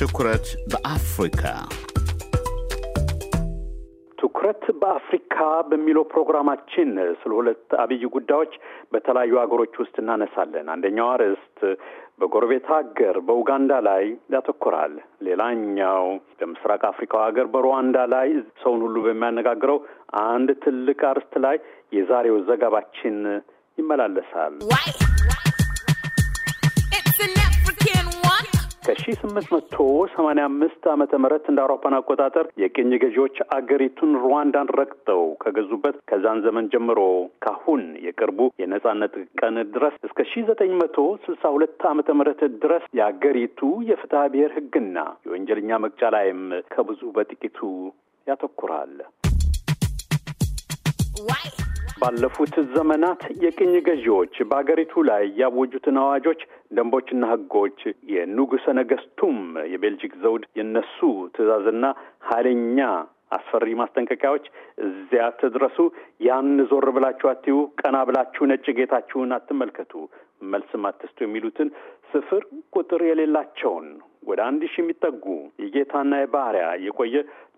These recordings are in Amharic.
ትኩረት በአፍሪካ ትኩረት በአፍሪካ በሚለው ፕሮግራማችን ስለ ሁለት አብይ ጉዳዮች በተለያዩ ሀገሮች ውስጥ እናነሳለን። አንደኛው አርዕስት በጎረቤት ሀገር በኡጋንዳ ላይ ያተኩራል። ሌላኛው በምስራቅ አፍሪካው ሀገር በሩዋንዳ ላይ ሰውን ሁሉ በሚያነጋግረው አንድ ትልቅ አርዕስት ላይ የዛሬው ዘገባችን ይመላለሳል። በ1885 ዓመተ ምህረት እንደ አውሮፓን አቆጣጠር የቅኝ ገዢዎች አገሪቱን ሩዋንዳን ረግጠው ከገዙበት ከዛን ዘመን ጀምሮ ካሁን የቅርቡ የነጻነት ቀን ድረስ እስከ ሁለት ዓመተ ምህረት ድረስ የአገሪቱ የፍትሐ ብሔር ህግና የወንጀለኛ መቅጫ ላይም ከብዙ በጥቂቱ ያተኩራል። ባለፉት ዘመናት የቅኝ ገዢዎች በአገሪቱ ላይ ያወጁትን አዋጆች፣ ደንቦችና ህጎች የንጉሠ ነገሥቱም የቤልጂክ ዘውድ የነሱ ትእዛዝና ኃይለኛ አስፈሪ ማስጠንቀቂያዎች እዚያ ትድረሱ፣ ያን ዞር ብላችሁ አትዩ፣ ቀና ብላችሁ ነጭ ጌታችሁን አትመልከቱ መልስም አትስጡ የሚሉትን ስፍር ቁጥር የሌላቸውን ወደ አንድ ሺህ የሚጠጉ የጌታና የባሪያ የቆየ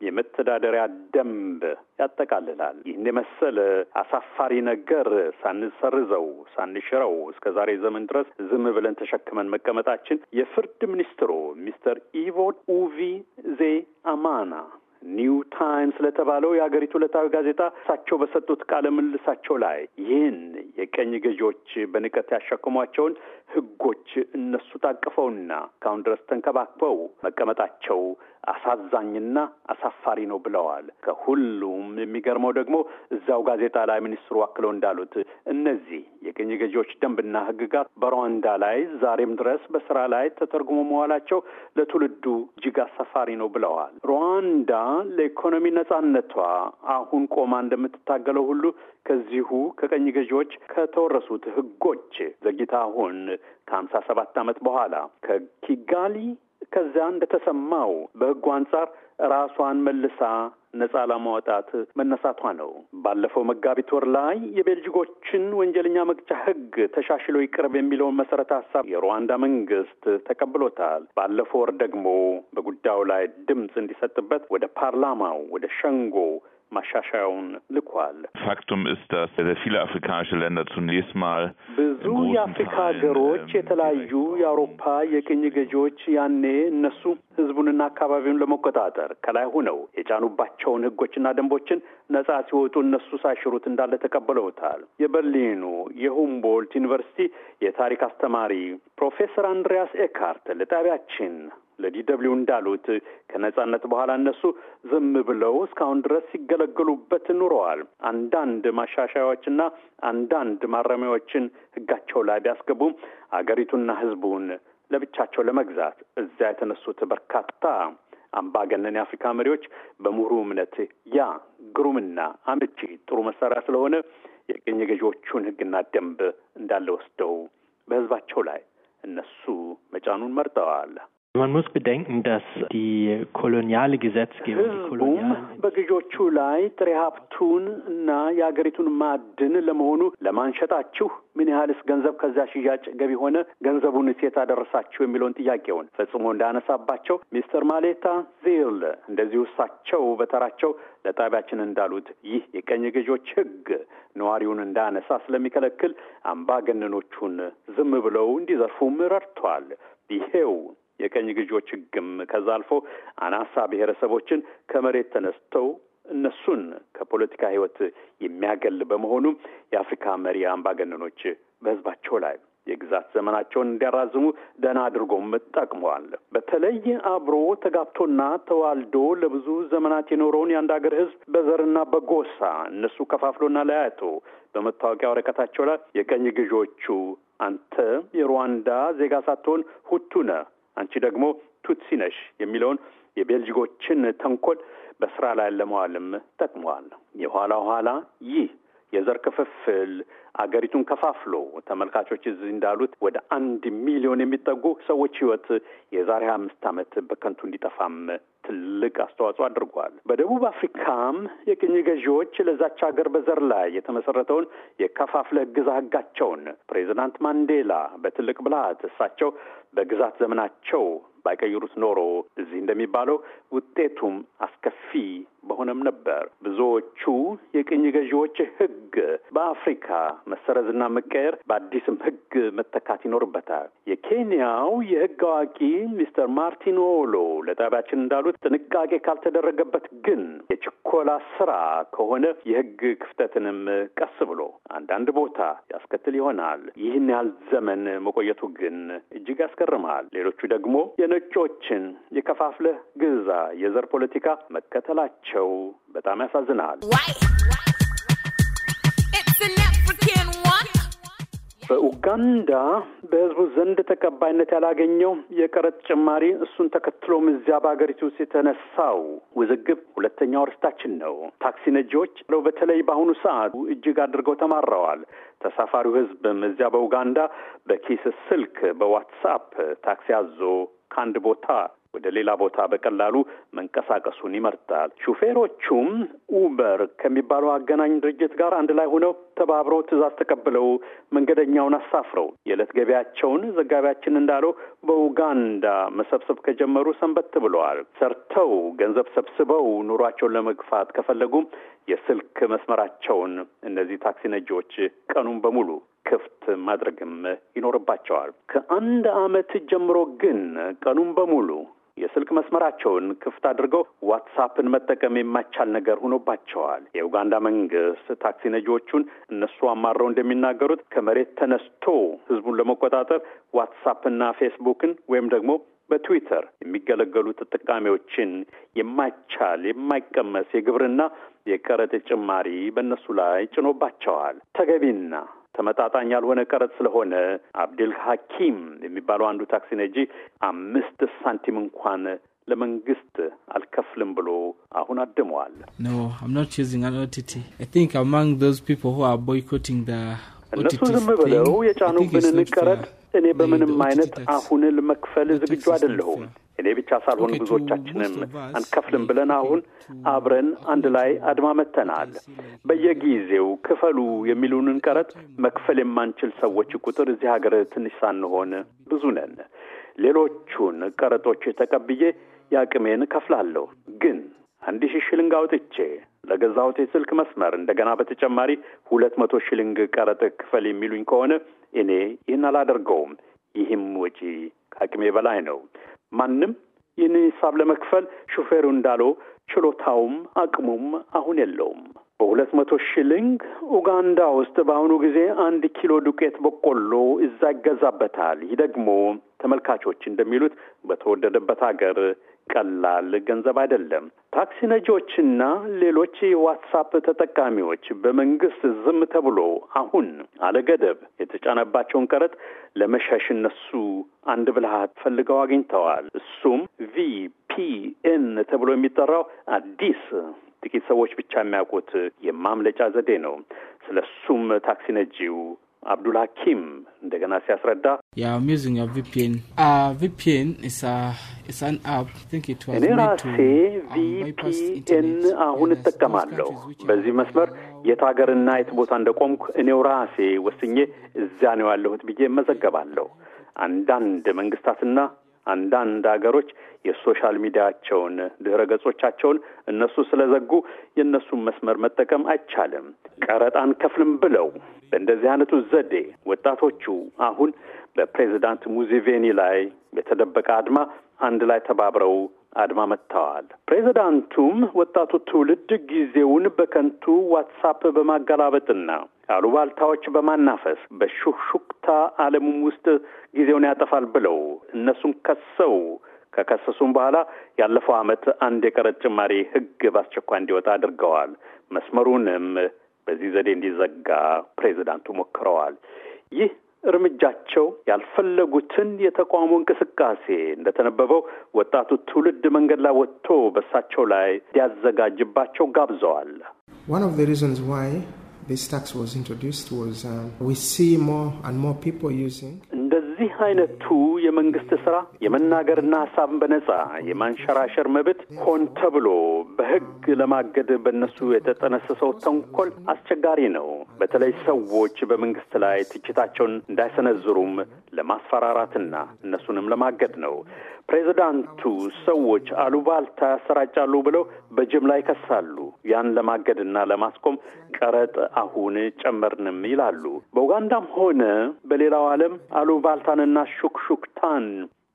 የመተዳደሪያ ደንብ ያጠቃልላል። ይህን የመሰለ አሳፋሪ ነገር ሳንሰርዘው ሳንሽረው እስከ ዛሬ ዘመን ድረስ ዝም ብለን ተሸክመን መቀመጣችን የፍርድ ሚኒስትሩ ሚስተር ኢቮድ ኡቪ ዜ አማና ኒው ታይምስ ለተባለው የአገሪቱ ዕለታዊ ጋዜጣ እሳቸው በሰጡት ቃለ ምልልሳቸው ላይ ይህን የቀኝ ገዢዎች በንቀት ያሸክሟቸውን ህጎች እነሱ ታቅፈውና ካሁን ድረስ ተንከባክበው መቀመጣቸው አሳዛኝና አሳፋሪ ነው ብለዋል። ከሁሉም የሚገርመው ደግሞ እዛው ጋዜጣ ላይ ሚኒስትሩ አክለው እንዳሉት እነዚህ የቅኝ ገዢዎች ደንብና ሕግጋት በሩዋንዳ ላይ ዛሬም ድረስ በስራ ላይ ተተርጉሞ መዋላቸው ለትውልዱ እጅግ አሳፋሪ ነው ብለዋል። ሩዋንዳ ለኢኮኖሚ ነጻነቷ አሁን ቆማ እንደምትታገለው ሁሉ ከዚሁ ከቀኝ ገዢዎች ከተወረሱት ህጎች ዘግይታ አሁን ከሀምሳ ሰባት ዓመት በኋላ ከኪጋሊ ከዚያ እንደተሰማው በህጉ አንጻር ራሷን መልሳ ነጻ ለማውጣት መነሳቷ ነው። ባለፈው መጋቢት ወር ላይ የቤልጅጎችን ወንጀለኛ መቅጫ ሕግ ተሻሽሎ ይቅርብ የሚለውን መሰረተ ሀሳብ የሩዋንዳ መንግስት ተቀብሎታል። ባለፈው ወር ደግሞ በጉዳዩ ላይ ድምፅ እንዲሰጥበት ወደ ፓርላማው ወደ ሸንጎ ማሻሻያውን ልኳል። ፋክቱም ist, dass viele afrikanische Länder zunächst mal ብዙ የአፍሪካ ሀገሮች ähm, የተለያዩ የአውሮፓ የቅኝ ገዢዎች ያኔ እነሱ ህዝቡንና አካባቢውን ለመቆጣጠር ከላይ ሆነው የጫኑባቸውን ህጎችና ደንቦችን ነጻ ሲወጡ እነሱ ሳይሽሩት እንዳለ ተቀብለውታል። የበርሊኑ የሁምቦልት ዩኒቨርሲቲ የታሪክ አስተማሪ ፕሮፌሰር አንድሪያስ ኤካርት ለጣቢያችን ለዲደብሊው እንዳሉት ከነጻነት በኋላ እነሱ ዝም ብለው እስካሁን ድረስ ሲገለገሉበት ኑረዋል። አንዳንድ ማሻሻያዎችና አንዳንድ ማረሚያዎችን ሕጋቸው ላይ ቢያስገቡም አገሪቱና ሕዝቡን ለብቻቸው ለመግዛት እዚያ የተነሱት በርካታ አምባገነን የአፍሪካ መሪዎች በምሁሩ እምነት ያ ግሩምና አመቺ ጥሩ መሳሪያ ስለሆነ የቅኝ ገዢዎቹን ሕግና ደንብ እንዳለ ወስደው በሕዝባቸው ላይ እነሱ መጫኑን መርጠዋል። Man muss bedenken, dass die koloniale Gesetzgebung. ህዝቡም ላይ ሪሀብቱን እና የሀገሪቱን ማዕድን ለመሆኑ ለማንሸጣችሁ ምን ያህልስ ገንዘብ ከዚያ ሽያጭ ገቢ ሆነ? ገንዘቡን ሴት አደረሳችሁ የሚለውን ጥያቄውን ፈጽሞ እንዳነሳባቸው ሚስተር ማሌታ ዚል እንደዚሁ እሳቸው በተራቸው ለጣቢያችን እንዳሉት ይህ የቀኝ ገዢዎች ህግ ነዋሪውን እንዳነሳ ስለሚከለክል አምባገነኖቹን ዝም ብለው እንዲዘርፉም ረድቷል። ይሄው የቀኝ ገዢዎች ሕግም ከዛ አልፎ አናሳ ብሔረሰቦችን ከመሬት ተነስተው እነሱን ከፖለቲካ ሕይወት የሚያገል በመሆኑ የአፍሪካ መሪ አምባገነኖች በህዝባቸው ላይ የግዛት ዘመናቸውን እንዲያራዝሙ ደህና አድርጎም ጠቅመዋል። በተለይ አብሮ ተጋብቶና ተዋልዶ ለብዙ ዘመናት የኖረውን የአንድ ሀገር ህዝብ በዘርና በጎሳ እነሱ ከፋፍሎና ለያይቶ በመታወቂያ ወረቀታቸው ላይ የቀኝ ግዢዎቹ አንተ የሩዋንዳ ዜጋ ሳትሆን ሁቱ ነህ አንቺ ደግሞ ቱትሲ ነሽ የሚለውን የቤልጅጎችን ተንኮል በስራ ላይ ለመዋልም ጠቅመዋል። የኋላ ኋላ ይህ የዘር ክፍፍል አገሪቱን ከፋፍሎ ተመልካቾች እዚህ እንዳሉት ወደ አንድ ሚሊዮን የሚጠጉ ሰዎች ህይወት የዛሬ አምስት ዓመት በከንቱ እንዲጠፋም ትልቅ አስተዋጽኦ አድርጓል። በደቡብ አፍሪካም የቅኝ ገዢዎች ለዛች ሀገር በዘር ላይ የተመሰረተውን የከፋፍለ ግዛ ህጋቸውን ፕሬዚዳንት ማንዴላ በትልቅ ብልሃት እሳቸው በግዛት ዘመናቸው ባይቀይሩት ኖሮ እዚህ እንደሚባለው ውጤቱም አስከፊ በሆነም ነበር። ብዙዎቹ የቅኝ ገዢዎች ህግ በአፍሪካ መሰረዝና መቀየር በአዲስም ህግ መተካት ይኖርበታል። የኬንያው የህግ አዋቂ ሚስተር ማርቲን ኦሎ ለጣቢያችን እንዳሉት ጥንቃቄ ካልተደረገበት ግን የችኮላ ስራ ከሆነ የህግ ክፍተትንም ቀስ ብሎ አንዳንድ ቦታ ያስከትል ይሆናል። ይህን ያህል ዘመን መቆየቱ ግን እጅግ ያስገርማል። ሌሎቹ ደግሞ የነጮችን የከፋፍለህ ግዛ የዘር ፖለቲካ መከተላቸው ናቸው። በጣም ያሳዝናል። በኡጋንዳ በህዝቡ ዘንድ ተቀባይነት ያላገኘው የቀረጥ ጭማሪ እሱን ተከትሎም እዚያ በሀገሪቱ ውስጥ የተነሳው ውዝግብ ሁለተኛው ርስታችን ነው። ታክሲ ነጂዎች በተለይ በአሁኑ ሰዓት እጅግ አድርገው ተማረዋል። ተሳፋሪው ህዝብ እዚያ በኡጋንዳ በኪስ ስልክ በዋትሳፕ ታክሲ አዞ ከአንድ ቦታ ወደ ሌላ ቦታ በቀላሉ መንቀሳቀሱን ይመርጣል። ሹፌሮቹም ኡበር ከሚባለው አገናኝ ድርጅት ጋር አንድ ላይ ሆነው ተባብረው ትዕዛዝ ተቀብለው መንገደኛውን አሳፍረው የዕለት ገቢያቸውን ዘጋቢያችን እንዳለው በኡጋንዳ መሰብሰብ ከጀመሩ ሰንበት ብለዋል። ሰርተው ገንዘብ ሰብስበው ኑሯቸውን ለመግፋት ከፈለጉም የስልክ መስመራቸውን እነዚህ ታክሲ ነጂዎች ቀኑን በሙሉ ክፍት ማድረግም ይኖርባቸዋል። ከአንድ ዓመት ጀምሮ ግን ቀኑን በሙሉ የስልክ መስመራቸውን ክፍት አድርገው ዋትሳፕን መጠቀም የማይቻል ነገር ሆኖባቸዋል። የኡጋንዳ መንግስት ታክሲ ነጂዎቹን እነሱ አማረው እንደሚናገሩት ከመሬት ተነስቶ ህዝቡን ለመቆጣጠር ዋትሳፕና ፌስቡክን ወይም ደግሞ በትዊተር የሚገለገሉ ተጠቃሚዎችን የማይቻል የማይቀመስ የግብርና የቀረጥ ጭማሪ በእነሱ ላይ ጭኖባቸዋል። ተገቢና ተመጣጣኝ ያልሆነ ቀረጥ ስለሆነ አብድል ሐኪም የሚባለው አንዱ ታክሲ ነጂ አምስት ሳንቲም እንኳን ለመንግስት አልከፍልም ብሎ አሁን አድመዋል። ኖ I'm not choosing an OTT. I think among those people who are boycotting እነሱ ዝም ብለው የጫኑብንን ቀረጥ እኔ በምንም አይነት አሁን ለመክፈል ዝግጁ አይደለሁም። እኔ ብቻ ሳልሆን ብዙዎቻችንም አንከፍልም ብለን አሁን አብረን አንድ ላይ አድማ መተናል። በየጊዜው ክፈሉ የሚሉንን ቀረጥ መክፈል የማንችል ሰዎች ቁጥር እዚህ ሀገር ትንሽ ሳንሆን ብዙ ነን። ሌሎቹን ቀረጦች ተቀብዬ የአቅሜን ከፍላለሁ። ግን አንድ ሺህ ሽልንግ አውጥቼ ለገዛሁት የስልክ መስመር እንደገና በተጨማሪ ሁለት መቶ ሽልንግ ቀረጥ ክፈል የሚሉኝ ከሆነ እኔ ይህን አላደርገውም። ይህም ወጪ ከአቅሜ በላይ ነው። ማንም ይህን ሂሳብ ለመክፈል ሹፌሩ እንዳለው ችሎታውም አቅሙም አሁን የለውም። በሁለት መቶ ሽልንግ ኡጋንዳ ውስጥ በአሁኑ ጊዜ አንድ ኪሎ ዱቄት በቆሎ እዛ ይገዛበታል። ይህ ደግሞ ተመልካቾች እንደሚሉት በተወደደበት ሀገር ቀላል ገንዘብ አይደለም። ታክሲ ነጂዎችና ሌሎች የዋትሳፕ ተጠቃሚዎች በመንግስት ዝም ተብሎ አሁን አለገደብ የተጫነባቸውን ቀረጥ ለመሸሽ እነሱ አንድ ብልሃት ፈልገው አግኝተዋል። እሱም ቪፒኤን ተብሎ የሚጠራው አዲስ ጥቂት ሰዎች ብቻ የሚያውቁት የማምለጫ ዘዴ ነው። ስለ እሱም ታክሲ ነጂው አብዱል ሀኪም እንደገና ሲያስረዳ uh, እኔ ራሴ ቪፒኤን um, አሁን እጠቀማለሁ። በዚህ መስመር የት ሀገርና የት ቦታ እንደቆምኩ እኔው ራሴ ወስኜ እዚያ ነው ያለሁት ብዬ እመዘገባለሁ። አንዳንድ መንግስታትና አንዳንድ ሀገሮች የሶሻል ሚዲያቸውን ድህረ ገጾቻቸውን እነሱ ስለዘጉ የእነሱን መስመር መጠቀም አይቻልም። ቀረጣን ከፍልም ብለው በእንደዚህ አይነቱ ዘዴ ወጣቶቹ አሁን በፕሬዚዳንት ሙዚቬኒ ላይ የተደበቀ አድማ አንድ ላይ ተባብረው አድማ መጥተዋል። ፕሬዚዳንቱም ወጣቱ ትውልድ ጊዜውን በከንቱ ዋትሳፕ በማገላበጥና አሉባልታዎች በማናፈስ በሹክሹክ በርካታ ዓለምም ውስጥ ጊዜውን ያጠፋል ብለው እነሱን ከሰው ከከሰሱም በኋላ ያለፈው ዓመት አንድ የቀረጥ ጭማሪ ሕግ በአስቸኳይ እንዲወጣ አድርገዋል። መስመሩንም በዚህ ዘዴ እንዲዘጋ ፕሬዚዳንቱ ሞክረዋል። ይህ እርምጃቸው ያልፈለጉትን የተቃውሞ እንቅስቃሴ እንደተነበበው ወጣቱ ትውልድ መንገድ ላይ ወጥቶ በእሳቸው ላይ እንዲያዘጋጅባቸው ጋብዘዋል። this tax was introduced was um, we see more and more people using. እንደዚህ አይነቱ የመንግስት ስራ የመናገርና ሀሳብን በነጻ የማንሸራሸር መብት ሆን ተብሎ በህግ ለማገድ በእነሱ የተጠነሰሰው ተንኮል አስቸጋሪ ነው። በተለይ ሰዎች በመንግስት ላይ ትችታቸውን እንዳይሰነዝሩም ለማስፈራራትና እነሱንም ለማገድ ነው። ፕሬዚዳንቱ ሰዎች አሉባልታ ያሰራጫሉ ብለው በጅምላ ይከሳሉ። ያን ለማገድና ለማስቆም ቀረጥ አሁን ጨመርንም ይላሉ። በኡጋንዳም ሆነ በሌላው ዓለም አሉባልታንና ጩኸትና ሹክሹክታን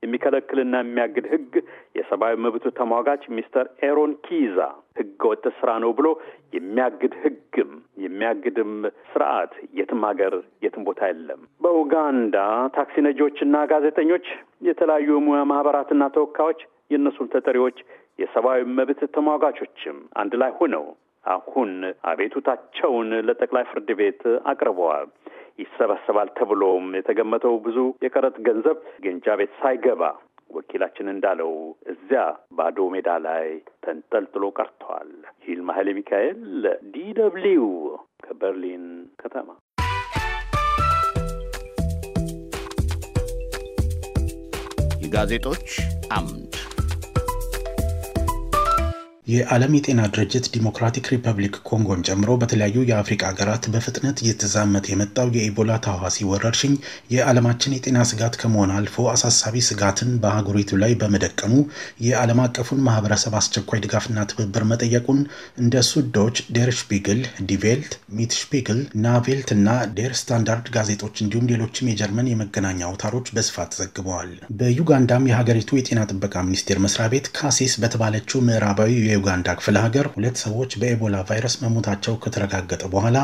የሚከለክልና የሚያግድ ህግ የሰብአዊ መብቱ ተሟጋች ሚስተር ኤሮን ኪዛ ሕገ ወጥ ስራ ነው ብሎ የሚያግድ ህግም የሚያግድም ስርዓት የትም ሀገር የትም ቦታ የለም። በኡጋንዳ ታክሲ ነጂዎችና ጋዜጠኞች፣ የተለያዩ የሙያ ማህበራትና ተወካዮች፣ የእነሱም ተጠሪዎች፣ የሰብአዊ መብት ተሟጋቾችም አንድ ላይ ሆነው አሁን አቤቱታቸውን ለጠቅላይ ፍርድ ቤት አቅርበዋል። ይሰበሰባል ተብሎም የተገመተው ብዙ የቀረጥ ገንዘብ ግንጃ ቤት ሳይገባ ወኪላችን እንዳለው እዚያ ባዶ ሜዳ ላይ ተንጠልጥሎ ቀርተዋል። ይልማ ኃይለ ሚካኤል ዲ ደብልዩ ከበርሊን ከተማ የጋዜጦች አምድ የዓለም የጤና ድርጅት ዲሞክራቲክ ሪፐብሊክ ኮንጎን ጨምሮ በተለያዩ የአፍሪካ ሀገራት በፍጥነት እየተዛመተ የመጣው የኢቦላ ታዋሲ ወረርሽኝ የዓለማችን የጤና ስጋት ከመሆን አልፎ አሳሳቢ ስጋትን በአህጉሪቱ ላይ በመደቀኑ የዓለም አቀፉን ማህበረሰብ አስቸኳይ ድጋፍና ትብብር መጠየቁን እንደ ሱዶች፣ ዴር ሽፒግል፣ ዲቬልት፣ ሚት ሽፒግል፣ ናቬልት እና ዴር ስታንዳርድ ጋዜጦች እንዲሁም ሌሎችም የጀርመን የመገናኛ አውታሮች በስፋት ዘግበዋል። በዩጋንዳም የሀገሪቱ የጤና ጥበቃ ሚኒስቴር መስሪያ ቤት ካሴስ በተባለችው ምዕራባዊ የዩጋንዳ ክፍለ ሀገር ሁለት ሰዎች በኤቦላ ቫይረስ መሞታቸው ከተረጋገጠ በኋላ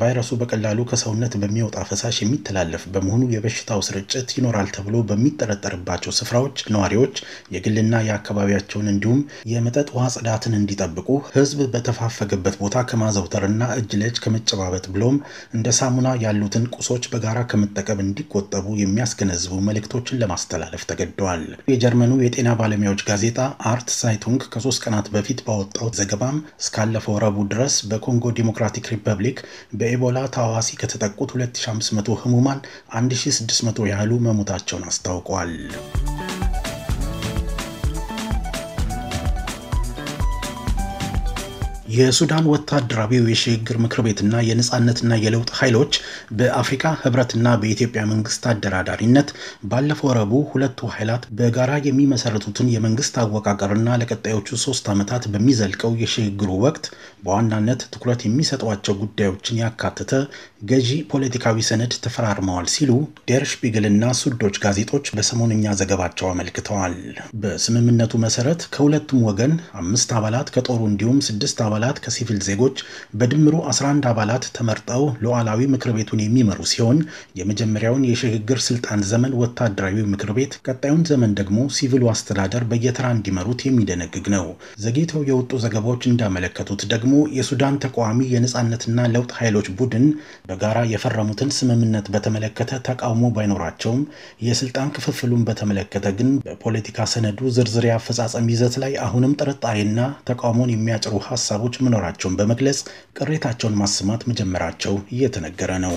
ቫይረሱ በቀላሉ ከሰውነት በሚወጣ ፈሳሽ የሚተላለፍ በመሆኑ የበሽታው ስርጭት ይኖራል ተብሎ በሚጠረጠርባቸው ስፍራዎች ነዋሪዎች የግልና የአካባቢያቸውን እንዲሁም የመጠጥ ውሃ ጽዳትን እንዲጠብቁ ህዝብ በተፋፈገበት ቦታ ከማዘውተርና እጅ ለእጅ ከመጨባበጥ ብሎም እንደ ሳሙና ያሉትን ቁሶች በጋራ ከመጠቀም እንዲቆጠቡ የሚያስገነዝቡ መልእክቶችን ለማስተላለፍ ተገደዋል። የጀርመኑ የጤና ባለሙያዎች ጋዜጣ አርት ሳይቱንግ ከሶስት ቀናት በፊት በፊት ባወጣው ዘገባም እስካለፈው ረቡዕ ድረስ በኮንጎ ዲሞክራቲክ ሪፐብሊክ በኢቦላ ታዋሲ ከተጠቁት 2500 ህሙማን 1600 ያህሉ መሞታቸውን አስታውቋል። የሱዳን ወታደራዊው የሽግግር ምክር ቤትና የነጻነትና የለውጥ ኃይሎች በአፍሪካ ህብረትና በኢትዮጵያ መንግስት አደራዳሪነት ባለፈው ረቡዕ ሁለቱ ኃይላት በጋራ የሚመሰረቱትን የመንግስት አወቃቀርና ለቀጣዮቹ ሶስት ዓመታት በሚዘልቀው የሽግግሩ ወቅት በዋናነት ትኩረት የሚሰጧቸው ጉዳዮችን ያካተተ ገዢ ፖለቲካዊ ሰነድ ተፈራርመዋል ሲሉ ዴር ሱዶች ጋዜጦች በሰሞንኛ ዘገባቸው አመልክተዋል። በስምምነቱ መሰረት ከሁለቱም ወገን አምስት አባላት ከጦሩ እንዲሁም ስድስት አባላት አባላት ከሲቪል ዜጎች በድምሩ 11 አባላት ተመርጠው ሉዓላዊ ምክር ቤቱን የሚመሩ ሲሆን የመጀመሪያውን የሽግግር ስልጣን ዘመን ወታደራዊ ምክር ቤት፣ ቀጣዩን ዘመን ደግሞ ሲቪሉ አስተዳደር በየተራ እንዲመሩት የሚደነግግ ነው። ዘግይተው የወጡ ዘገባዎች እንዳመለከቱት ደግሞ የሱዳን ተቃዋሚ የነፃነትና ለውጥ ኃይሎች ቡድን በጋራ የፈረሙትን ስምምነት በተመለከተ ተቃውሞ ባይኖራቸውም የስልጣን ክፍፍሉን በተመለከተ ግን በፖለቲካ ሰነዱ ዝርዝር አፈጻጸም ይዘት ላይ አሁንም ጥርጣሬና ተቃውሞን የሚያጭሩ ሀሳቦች መኖራቸውን በመግለጽ ቅሬታቸውን ማሰማት መጀመራቸው እየተነገረ ነው።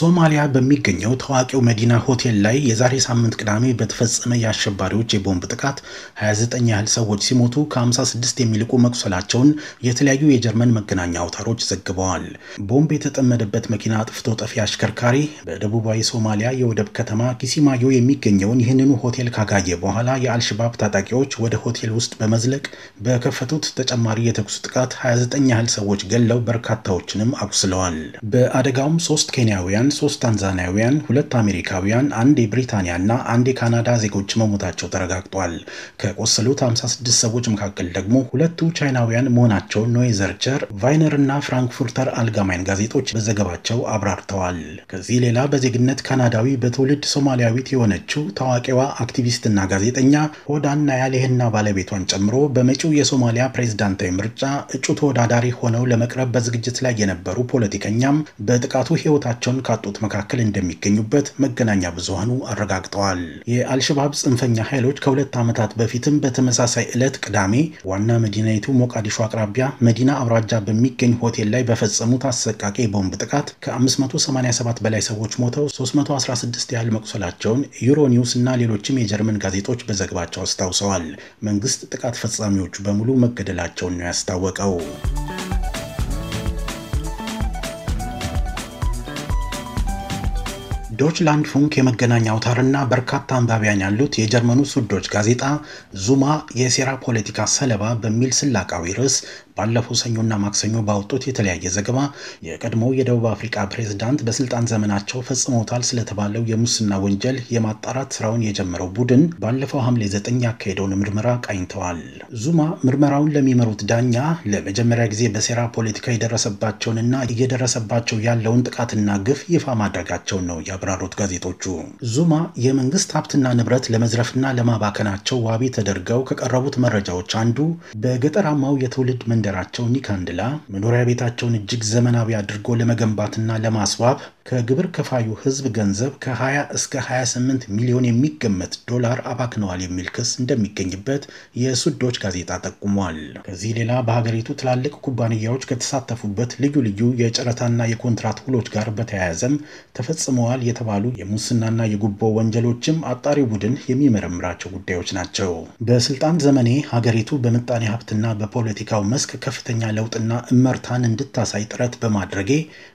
ሶማሊያ በሚገኘው ታዋቂው መዲና ሆቴል ላይ የዛሬ ሳምንት ቅዳሜ በተፈጸመ የአሸባሪዎች የቦምብ ጥቃት 29 ያህል ሰዎች ሲሞቱ ከ56 የሚልቁ መቁሰላቸውን የተለያዩ የጀርመን መገናኛ አውታሮች ዘግበዋል። ቦምብ የተጠመደበት መኪና አጥፍቶ ጠፊ አሽከርካሪ በደቡባዊ ሶማሊያ የወደብ ከተማ ኪሲማዮ የሚገኘውን ይህንኑ ሆቴል ካጋየ በኋላ የአልሸባብ ታጣቂዎች ወደ ሆቴል ውስጥ በመዝለቅ በከፈቱት ተጨማሪ የተኩስ ጥቃት 29 ያህል ሰዎች ገለው በርካታዎችንም አቁስለዋል። በአደጋውም ሶስት ኬንያውያን ሶስት ታንዛኒያውያን፣ ሁለት አሜሪካውያን፣ አንድ የብሪታንያና አንድ የካናዳ ዜጎች መሞታቸው ተረጋግጧል። ከቆሰሉት 56 ሰዎች መካከል ደግሞ ሁለቱ ቻይናውያን መሆናቸውን ኖይዘርቸር ቫይነር እና ፍራንክፉርተር አልጋማይን ጋዜጦች በዘገባቸው አብራርተዋል። ከዚህ ሌላ በዜግነት ካናዳዊ በትውልድ ሶማሊያዊት የሆነችው ታዋቂዋ አክቲቪስትና ጋዜጠኛ ሆዳን ናያሌህና ባለቤቷን ጨምሮ በመጪው የሶማሊያ ፕሬዝዳንታዊ ምርጫ እጩ ተወዳዳሪ ሆነው ለመቅረብ በዝግጅት ላይ የነበሩ ፖለቲከኛም በጥቃቱ ሕይወታቸውን ካ ካጡት መካከል እንደሚገኙበት መገናኛ ብዙሃኑ አረጋግጠዋል። የአልሸባብ ጽንፈኛ ኃይሎች ከሁለት ዓመታት በፊትም በተመሳሳይ ዕለት ቅዳሜ ዋና መዲናይቱ ሞቃዲሾ አቅራቢያ መዲና አውራጃ በሚገኝ ሆቴል ላይ በፈጸሙት አሰቃቂ የቦምብ ጥቃት ከ587 በላይ ሰዎች ሞተው 316 ያህል መቁሰላቸውን ዩሮ ኒውስ እና ሌሎችም የጀርመን ጋዜጦች በዘግባቸው አስታውሰዋል። መንግስት ጥቃት ፈጻሚዎቹ በሙሉ መገደላቸውን ነው ያስታወቀው። ዶችላንድ ፉንክ የመገናኛ አውታርና በርካታ አንባቢያን ያሉት የጀርመኑ ሱዶች ጋዜጣ ዙማ የሴራ ፖለቲካ ሰለባ በሚል ስላቃዊ ርዕስ ባለፈው ሰኞና ማክሰኞ ባወጡት የተለያየ ዘገባ የቀድሞው የደቡብ አፍሪካ ፕሬዝዳንት በስልጣን ዘመናቸው ፈጽመውታል ስለተባለው የሙስና ወንጀል የማጣራት ስራውን የጀመረው ቡድን ባለፈው ሐምሌ ዘጠኝ ያካሄደውን ምርመራ ቃኝተዋል። ዙማ ምርመራውን ለሚመሩት ዳኛ ለመጀመሪያ ጊዜ በሴራ ፖለቲካ የደረሰባቸውንና እየደረሰባቸው ያለውን ጥቃትና ግፍ ይፋ ማድረጋቸውን ነው ያብራሩት ጋዜጦቹ። ዙማ የመንግስት ሀብትና ንብረት ለመዝረፍና ለማባከናቸው ዋቢ ተደርገው ከቀረቡት መረጃዎች አንዱ በገጠራማው የትውልድ መንደ ሀገራቸው ኒካንድላ መኖሪያ ቤታቸውን እጅግ ዘመናዊ አድርጎ ለመገንባትና ለማስዋብ ከግብር ከፋዩ ህዝብ ገንዘብ ከ20 እስከ 28 ሚሊዮን የሚገመት ዶላር አባክነዋል የሚል ክስ እንደሚገኝበት የሱዶች ጋዜጣ ጠቁሟል። ከዚህ ሌላ በሀገሪቱ ትላልቅ ኩባንያዎች ከተሳተፉበት ልዩ ልዩ የጨረታና የኮንትራት ውሎች ጋር በተያያዘም ተፈጽመዋል የተባሉ የሙስናና የጉቦ ወንጀሎችም አጣሪ ቡድን የሚመረምራቸው ጉዳዮች ናቸው። በስልጣን ዘመኔ ሀገሪቱ በምጣኔ ሀብትና በፖለቲካው መስክ ከፍተኛ ለውጥና እመርታን እንድታሳይ ጥረት በማድረጌ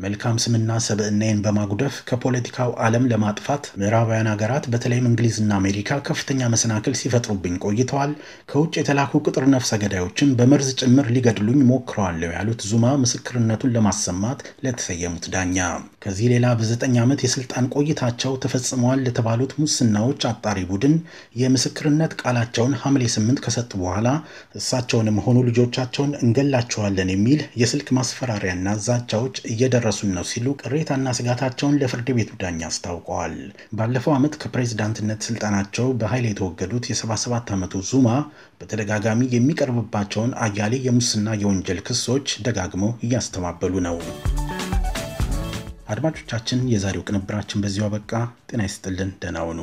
መልካም ስምና ሰብዕናዬን በማጉደፍ ከፖለቲካው ዓለም ለማጥፋት ምዕራባውያን ሀገራት በተለይም እንግሊዝና አሜሪካ ከፍተኛ መሰናክል ሲፈጥሩብኝ ቆይተዋል። ከውጭ የተላኩ ቅጥር ነፍሰ ገዳዮችን በመርዝ ጭምር ሊገድሉኝ ሞክረዋለሁ ያሉት ዙማ ምስክርነቱን ለማሰማት ለተሰየሙት ዳኛ ከዚህ ሌላ በዘጠኝ ዓመት የስልጣን ቆይታቸው ተፈጽመዋል ለተባሉት ሙስናዎች አጣሪ ቡድን የምስክርነት ቃላቸውን ሐምሌ ስምንት ከሰጡ በኋላ እሳቸውንም ሆኑ ልጆቻቸውን እንገላቸዋለን የሚል የስልክ ማስፈራሪያና ዛቻዎች እየደረሱን ነው ሲሉ ቅሬታና ስጋታቸውን ለፍርድ ቤቱ ዳኛ አስታውቀዋል። ባለፈው ዓመት ከፕሬዝዳንትነት ስልጣናቸው በኃይል የተወገዱት የ77 ዓመቱ ዙማ በተደጋጋሚ የሚቀርብባቸውን አያሌ የሙስና የወንጀል ክሶች ደጋግመው እያስተባበሉ ነው። አድማጮቻችን፣ የዛሬው ቅንብራችን በዚሁ አበቃ። ጤና ይስጥልን። ደህና ሁኑ።